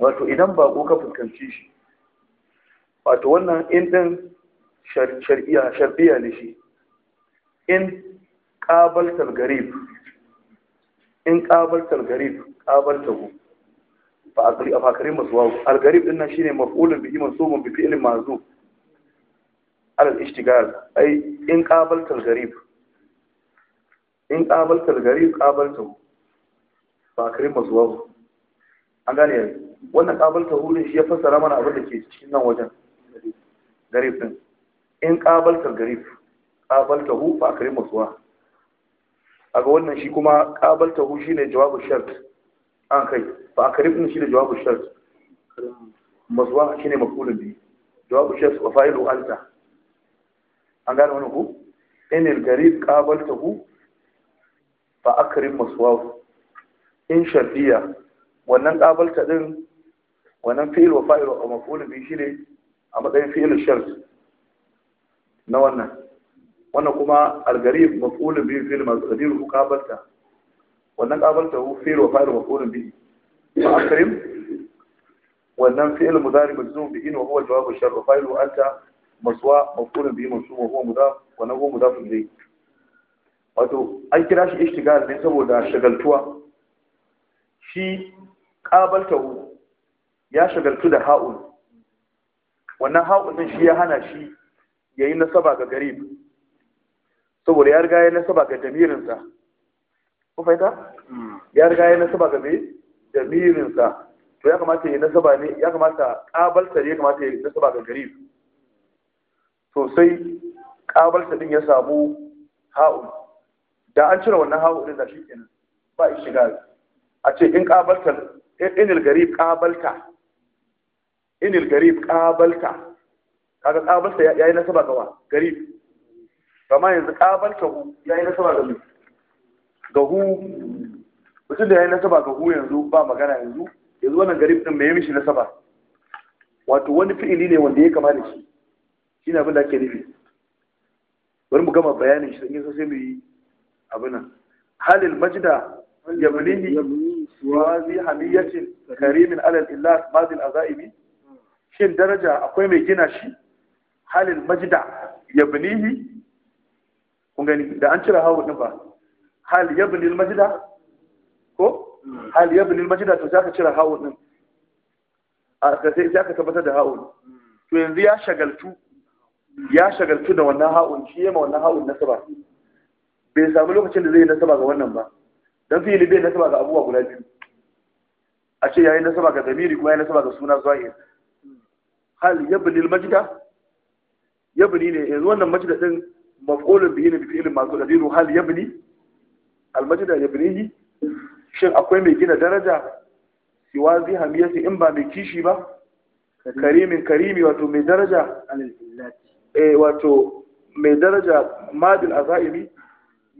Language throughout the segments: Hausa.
wato idan bako ka fuskanci shi wato wannan in din shar'iyya shar'iyya ne shi in qabaltal garib in qabaltal garib ku? fa aqri a fakari masu al algarib din nan shine maf'ulun bihi mansubun bi fi'lin ma'zuf ala al ishtigal ai in qabaltal garib in qabaltal garib qabaltahu fa masu maswa an gane yanzu wannan kabalta hurin shi ya fassara mana abin da ke cikin nan wajen garif din in ta garif kabalta hu fa masuwa. musuwa aga wannan shi kuma kabalta hu shine jawabu shart an kai fa akrim din ne jawabu shart musuwa shine makulun bi jawabu shart wa fa'ilu anta an gane wannan ku in al garif kabalta hu fa akrim musuwa in shartiya wannan qabalta ɗin wannan fi'il wa fa'il wa maf'ul bi shi ne a matsayin fi'il shart na wannan wannan kuma al-gharib maf'ul bi fi'il ku qabalta wannan qabalta hu fi'il wa fa'il wa maf'ul bi akrim wannan fi'il mudari majzum bi in wa huwa jawab shart wa fa'ilu anta maswa maf'ul bi mansub wa huwa mudaf wa nahu mudaf ilayhi wato an kira shi ishtigal ne saboda shagaltuwa shi qabaltahu ya shagaltu da ha'ul wannan ha'ul din shi ya hana shi ya yi nasaba ga garib saboda ya riga ya nasaba ga damirinsa ko fahimta hmm. ya riga ya nasaba ga mai damirinsa to ya kamata ya nasaba ne ya kamata kabalta ne ya kamata ya nasaba ga garib Sosai sai kabalta din ya samu ha'ul da an cire wannan ha'ul din da shi kenan ba shi shiga a ce in kabalta inil garib qabalta inil garib qabalta kaga qabalta yayi nasaba ga wa garib amma yanzu qabalta hu yayi nasaba ga mu ga hu mutum da yayi nasaba ga hu yanzu ba magana yanzu yanzu wannan garib din me mishi nasaba wato wani fi'ili ne wanda ya kama da shi shine abin da ake nufi bari mu gama bayanin shi sai mu yi abin nan halil majda yabnihi wazi hamiyatin karimin alal illah mazil azaimi shin daraja akwai mai gina shi halin majida ya binihi kun gani da an cire hawa din ba hal ya binil majida ko hal ya binil majida to zaka cire hawa din a sai zaka tabbatar da hawa to yanzu ya shagaltu ya shagaltu da wannan hawa shi yema wannan hawa nasaba bai samu lokacin da zai nasaba ga wannan ba dan fili bai nasaba ga abubuwa guda biyu a ce yayin nasaba ga damiri kuma yayin nasaba ga suna zahir hal yabni al majda yabni ne yanzu wannan majda din maf'ulun bihi ne bi fi'ilin masu dadiru hal yabni al majda yabnihi shin akwai mai gina daraja siwa zihamiyati in ba mai kishi ba karimin karimi wato mai daraja eh wato mai daraja madil azaimi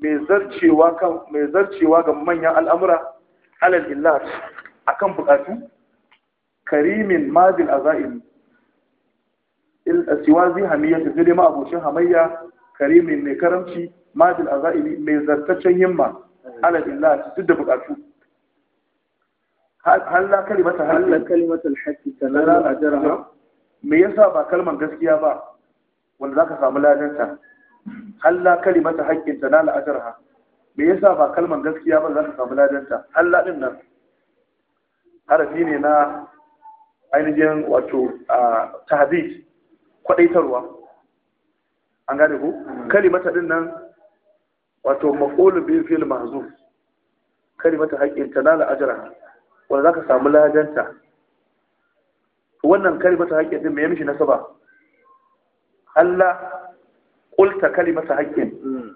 mai zarcewa ga manyan al'amura alal illat kan bukatu karimin mazil azaim siwa zai hamiya ta zai ma abocin hamayya karimin mai karamci a za’in mai zartaccen himma alal illat duk da bukatu halla kalimata hal la alhaki alhaqi talala ajraha me yasa ba kalman gaskiya ba wanda zaka samu ladanta halla kalimata hakkin ta nala ajarha me yasa ba kalmar gaskiya ba za ka samu ladanta halla din nan harafi ne na ainihin wato tahdid kwadaitarwa an gane ku kalimata din nan wato maf'ulun bi fi'l mahzuf kalimata hakkin ta nala ajarha wanda za ka samu ladanta wannan kalimata haƙƙin din me ya mishi nasaba halla qulta kalimata haqqin hmm.